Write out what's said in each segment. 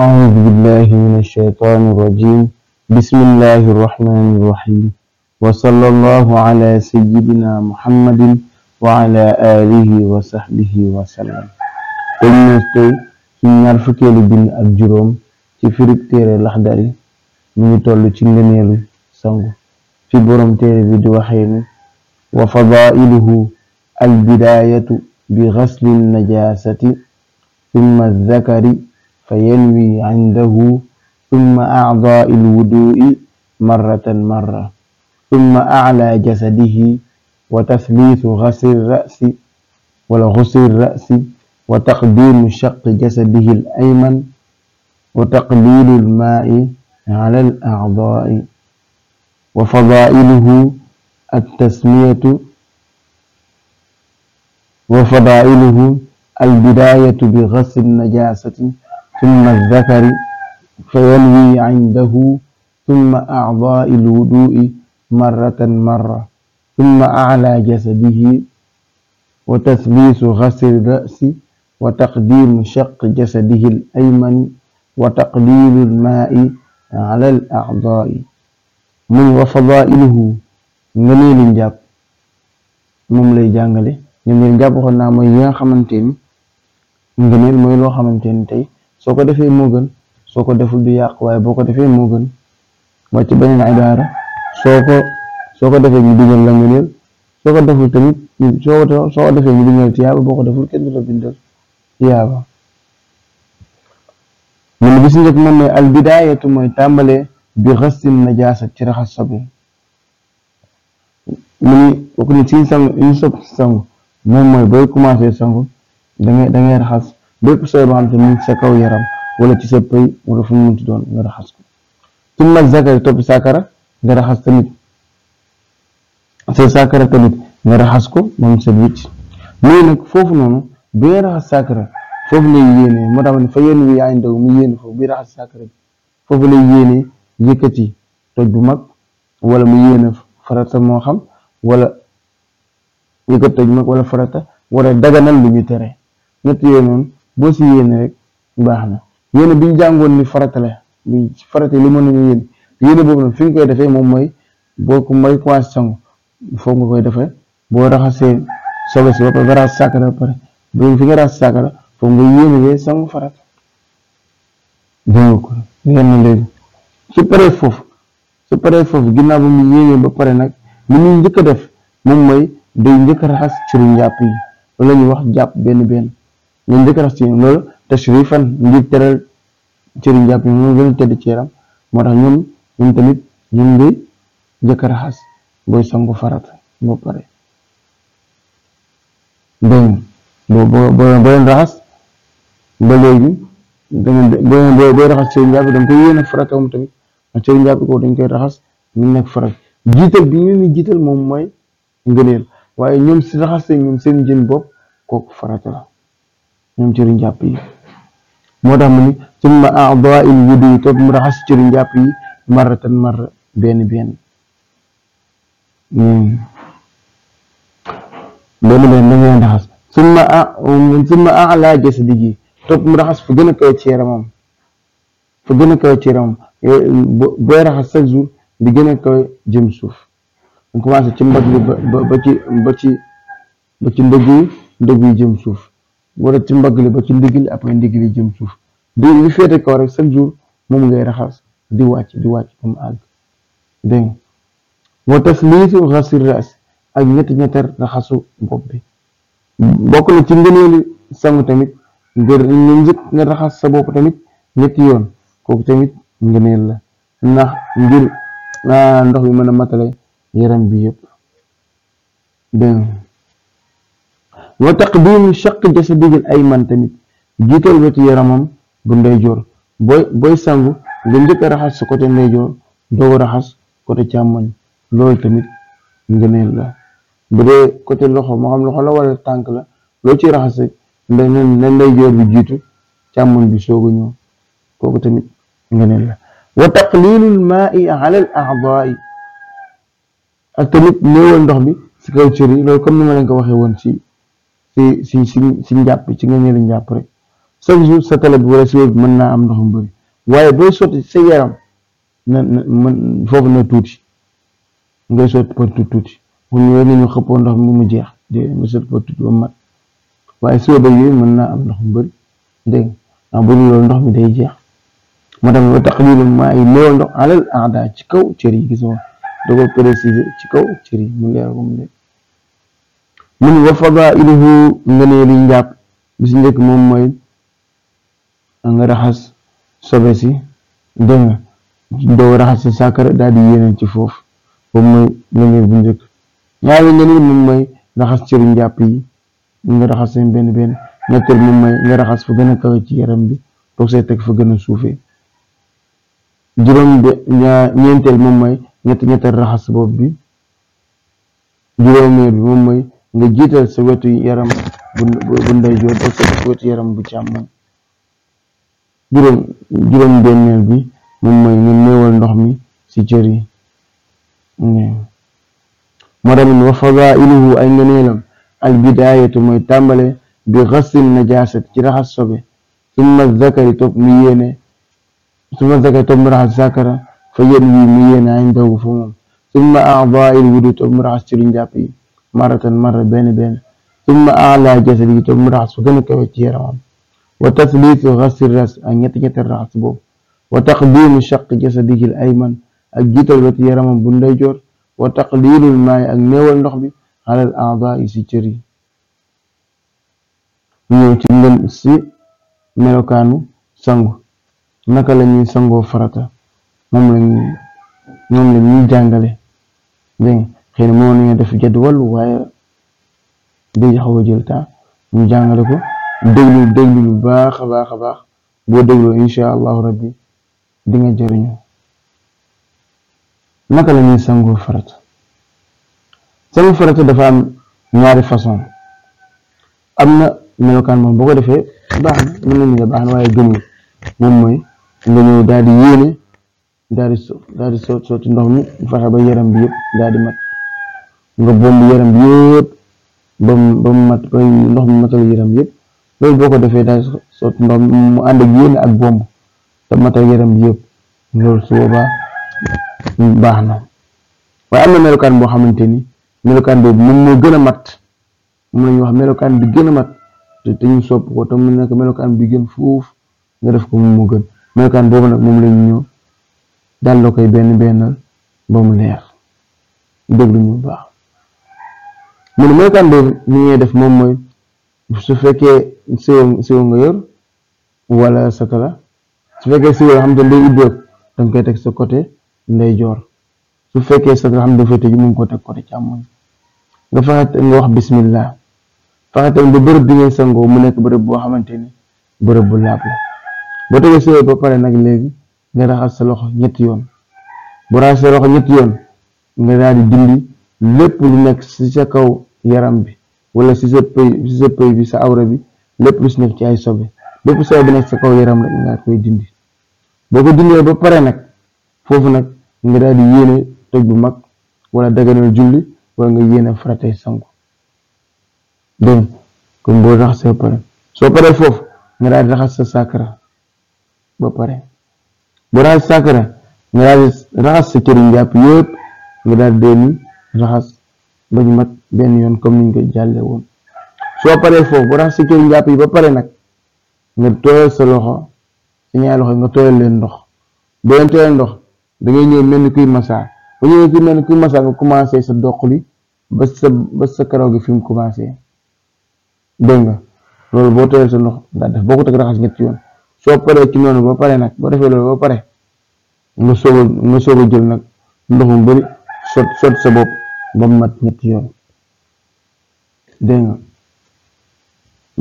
أعوذ بالله من الشيطان الرجيم wa الله الرحمن الرحيم وصلى الله على سيدنا محمد وعلى آله وصحبه وسلم dañ ne tey suñu ñaar fukkeelu bind ak juróom ci firib téere Laxdari ngi toll ci ngëneelu sangu fi boroom téere bi di waxee ni wa fadailuhu albidaayatu bi xasli najaasati summa zakari فينوي عنده ثم أعضاء الوضوء مرة مرة ثم أعلى جسده وتثليث غسل الرأس والغسل الرأس وتقديم شق جسده الأيمن وتقليل الماء على الأعضاء وفضائله التسمية وفضائله البداية بغسل النجاسة ثم الذكر فينوي عنده ثم أعضاء الوضوء مرة مرة ثم أعلى جسده وتثليث غسل الرأس وتقديم شق جسده الأيمن وتقليل الماء على الأعضاء من وفضائله ngëneelu njàpp moom lay jàngale ngëneel njàpp waxoon naa mooy yi nga xamante ni ngëneel mooy loo xamante ni tey soo ko defee moo soo ko deful di yàq waaye boo ko defee moo gën mooy ci beneen ibaara soo ko soo ko defee ñu digal la soo ko deful tamit soo ko soo ko defee ñu digal tiyaaba boo ko deful kenn du la bindal tiyaaba mun bi si njëkk moom mooy al bidaayatu mooy tàmbalee bi xasin najaasa ci raxas sobe mu ni bokk ni ci sangu ñu sob moom mooy booy commencé sangu dangay dangay raxas bépp sooy boo xam te mu sa kaw yaram wala ci sa pëy wala fu mu munti doon nga raxas ko su ma zakari topp saakara nga raxas tamit sa saakara tamit nga raxas ko moom sa wicc mais nag foofu noonu bi nga raxas saakara foofu lay yéene moo tax ne fa yéen yaay ndaw mu yéene foofu bi raxas saakara foofu lay yéene yëkkati toj bu mag wala mu yéene farata moo xam wala yëkkati toj bu mag wala farata wala daganal lu ñu tere ñett yooyu noonu boo si yéene rek baax na yéene bi jàngoon ni farata la bi farata mën nañu yéene yéene boobu nag fi nga koy defee moom mooy boo ko mooy commencé sangu koy defee boo raxasee sobe si ba pare nga raxas saakara ba pare donc fi nga raxas saakara foofu nga yéene yee sangu farata dégg ko léegi su paree foofu su paree foofu ginnaaw ba mu yéene ba pare nag mu muy njëkk a def moom mooy day njëkk a raxas curu njàpp yi loolu la wax jàpp benn benn ñun jëkkër ak si loolu tashrifan ngir teral cëri njàpp ci yaram moo tax ñoom tamit ñun ngay jëkkër xas booy sangu farat boo pare doom boo boo boo leen raxas ba léegi danga raxas cëri njàpp danga koy yéene farata moom tamit ak cëri njàpp ko dañ koy raxas mu nekk farat jiital bi ñu jiital moom mooy ngëneel waaye ñoom si raxas ñoom seen jën bopp kooku farata la ñoom cëriñ jàpp yi moo tax mu ni summa a'daa'il wudu topp mu raxas cëriñ jàpp yi marratan marra hmm. benn benn benn benn da ngeen raxas summa a summa a'laa jasadihi topp mu raxas fu gën a kawe ci yaramam fu gën a kawe ci yaramam booy raxas chaque jour di gën a kawe jëm suuf mu commencé ci mbagg ba ba ci ba ci ba ci ndëgg yi ndëgg yi jëm suuf wala ci mbagg li ba ci ndigg li après ndigg li jëm suuf di li féete kaw rek chaque jour moom ngay raxas di wàcc di wàcc ba mu àgg dégg nga wa tasliisu xasil ak ñetti ñettar raxasu bopp bi bokk na ci ngëneeli sangu tamit ngir njëkk nga raxas sa bopp tamit ñetti yoon kooku tamit ngëneel la ndax ngir ah, ndox bi mën a matale yaram bi yëpp wa taqdimu shaq ay man tamit jiital wetu yaramam bu ndeyjoor booy booy sangu nga njëkk raxas sa côté ndeyjoor doo raxas côté càmmoñ loolu tamit ngëneel la bu côté loxo moo xam loxo la wala tànk la loo ci raxas rek na na ndeyjoor bi jiitu càmmoñ kooku tamit ngëneel la wa taqlilul maai ala al a'daa'i ak tamit ndox bi si kaw cër yi loolu comme ni ma leen ko waxee woon si si si si si ci nga ñëw njàpp rek chaque jour sa télé bi wala si bi mën naa am ndox mu bëri waaye booy sotti sa yaram na na mën na tuuti ngay sotti par tuuti tuuti bu ñëwee nañu xëppoo ndox mi mu jeex de nga sotti par tuuti ba mat waaye si wàllu yooyu mën naa am ndox mu bëri dégg nga bu dul loolu ndox mi day jeex moo tax ba taqlilu maa yi néew ndox alal aada ci kaw cër yi gis nga da ko ci kaw cër yi leer ko mu mu ne wa fadailuhu ngëneelu njàpp bi si njëkk moom mooy nga raxas sobe si dégg doo raxas si sàkkara daal di ci foofu boobu mooy ngëneel bu njëkk ñaari ngëneel moom njàpp yi nga raxas seen benn benn ñetteel moom mooy nga ci yaram bi toog say teg fa gën a suufee juróom ñeenteel ñett ñetteel raxas bopp bi juróomeel bi moom mooy nga jiital sa wetu yaram bu ndeyjoor ak sa wetu yaram bu càmmoñ juróom juróom benneel bi moom mooy nga néewal ndox mi ci cër yi moo tax wa fadailuhu ay ngëneelam al bidaayatu mooy tàmbale bi xasil najaasat ci raxas sobe summa zakari topp mu yéene summa zakari topp mu raxas zakara fa yéen wi mu yéene ay ndaw fa moom summa aadail wudu topp mu raxas cëri njàpp yi maratan mara benn benn summa ala jasadi topp mu raxas fu gën a kawe ci yaramam wa tathlitu xasli ras ak ñetti ñetti raxas boobu wa taqdimu shaq jasadihi al ayman ak jiital wetu yaramam bu ndeyjoor wa taqlilul maay ak néewal ndox bi a alal aada yi si cër yi ñëw ci ngën si melokaanu sangu naka la ñuy sangoo farata moom la ñuy jàngale xëy na moo nañu def jadwal waaye day xaw a jël temps ñu jàngale ko déglu déglu bu baax baax a baax boo dégloo incha allahu rabbi di nga jëriñu naka la ñuy sangoo farata sangu farata ñaari façon am na melokaan moom ko defee baax na mën nañu la baax na waaye mooy nga ñëw daal di yéene daal di so sot di sotti ndox mi fexe ba yaram bi yëpp daal di mat nga bomb yaram bi ba mu mat ba ndox mi matal yaram yëpp loolu boo ko defee daal sotti ndox mu ànd ak yéene ak bomb te matal yaram bi loolu su baax na waaye am na melokaan boo xamante ni melokaan boobu moom moo gën a mat moom la ñuy wax melokaan bi gën a mat te ñu sopp ko te mu nekk melokaan bi gën foofu nga def ko moom moo gën melokaan boobu nag moom la ñu ñëw daal la koy benn bennal ba mu leer déglu ñu baax. mu ne melokaan ni def moom mooy su fekkee siwo siwo nga yor wala satala su fekkee siwo xam ne day ubbeeku da koy teg sa côté ndeyjoor su fekkee satala xam ne dafay tëju mu ngi ko teg côté càmmoñ nga fexe wax bismillah fexe ba bërëb bi sangoo mu nekk bërëb boo xamante ni bërëb bu laab la boo tegee siwo ba pare nag léegi nga raxas sa loxo ñetti yoon bu raxas sa loxo ñetti yoon nga daal di dindi lépp lu nekk ci sa kaw yaram bi wala ci sa pëy ci sa pëy bi sa awra bi lépp lu ci nekk ci ay sobe lépp sobe bi nekk sa kaw yaram rek nga boo ko dindee ba pare nag foofu nag nga daal di yéene toj bu mag wala daganal julli wala nga yéene faratay sangu dégg kon boo raxasee ba pare soo paree foofu nga daal di raxas sa saakara ba pare boo raxas saakara nga daal di raxas sa cëriñ jàpp yëpp nga daal di raxas ba ñu mat benn yoon comme niñ ko jàlle woon soo paree foofu bu raxas sa cëri njàpp yi ba pare nag nga tooyal sa loxo sa ñaari loxo nga tooyal leen ndox boo tooyal ndox da ngay mel ni kuy masaa ba ñëwee mel ni kuy masaa commencé sa doq li ba sa ba sa karaw gi fi mu commencé dégg nga loolu boo tooyal sa loxo daa def boo ko teg raxas ñetti yoon soo paree ci noonu ba pare nag boo defee loolu ba pare nga soog a nga soog jël nag ndox mu bari sot sot sa bopp. ba mu mat ñetti yoon dégg nga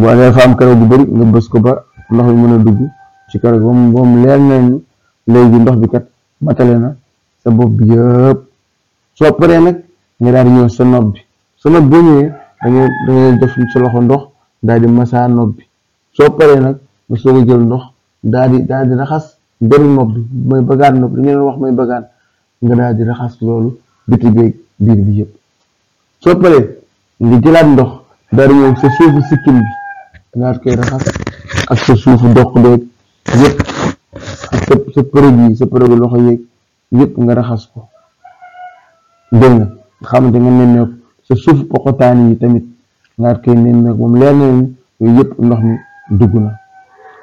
boo dee fa am karaw gu bëri nga bës ko ba ndox bi mën a dugg ci karaw gi ba mu leer na ni léegi ndox bi kat matale na sa bopp bi yëpp soo paree nag nga daal di ñëw sa bi sa nopp boo ñëwee da ngay loxo ndox daal di masaa nopp bi soo paree nag nga soog a jël ndox daal di daal di raxas benn nopp bi mooy bagaan nopp li ñu wax mooy bagaan nga daal di raxas loolu. biti beeg biir bi yëpp soo paree nga jëlaat ndox dara ñëw sa suufu sikkim bi nga koy raxas ak sa suufu doq beeg yëpp loxo yeeg nga raxas ko dégg nga xamante nga nemmeek sa suufu pokotaan yi tamit nga koy nemmeek moom leer na yëpp ndox mi dugg na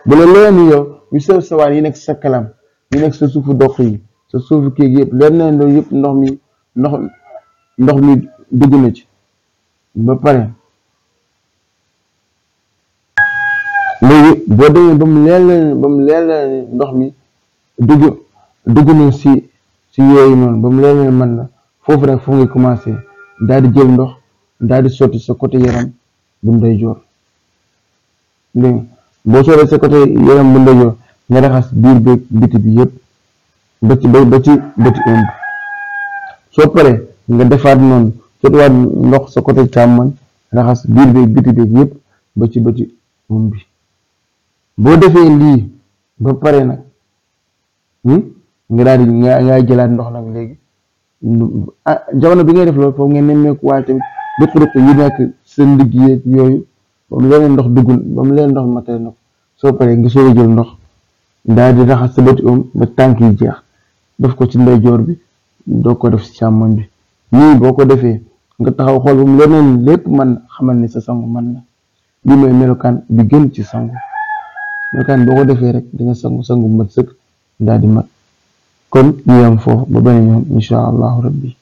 bu leer ni yow yu sew sawaan yi nekk sa kalam yi nekk sa suufu doq yi sa suufu kii yëpp leer na loolu yëpp ndox mi. ndox ndox mi dugg na ci ba pare léegi boo demee ba mu leer la ba ndox mi dugg dugg na si si yooyu noonu ba mu leer la man la foofu rek foofu ngay commencé daal di jël ndox daal di sotti sa côté yaram bu ndeyjoor dégg boo sottee sa côté yaram bu nga raxas biir beeg biti bi yëpp ba ci ba ci ba ci ëmb soo paree nga defaat noonu sotuwaat ndox sa côté càmmoñ raxas biir beeg biti beeg yëpp ba ci ba um bi boo defee lii ba pare nag hmm, nga daal di nga nga jëlaat ndox nag léegi ah, jamono bi ngay def loolu foofu nga nemmeeku waaye tamit rëq rëq yi nekk seen ligg yeeg yooyu ba mu leen ndox duggul ba mu leen ndox matale ndox soo paree nga soo a jël ndox daal di raxas sa bëti um ba tànk jeex def ko ci ndeyjoor bi doo ko def si càmmoñ bi nii boo ko defee nga taxaw xool ba mu leneen lépp man xamal ni sa sangu man na li mooy melokaan bi gën ci sangu melokaan boo ko defee rek di sangu sangu mat sëkk daal di mat kon ñu yam foofu ba beneen yoon incha allahu rabbi